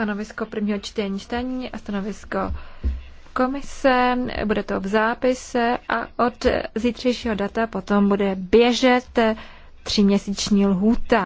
Stanovisko prvního čtení čtení a stanovisko komise, bude to v zápise a od zítřejšího data potom bude běžet tříměsíční lhůta.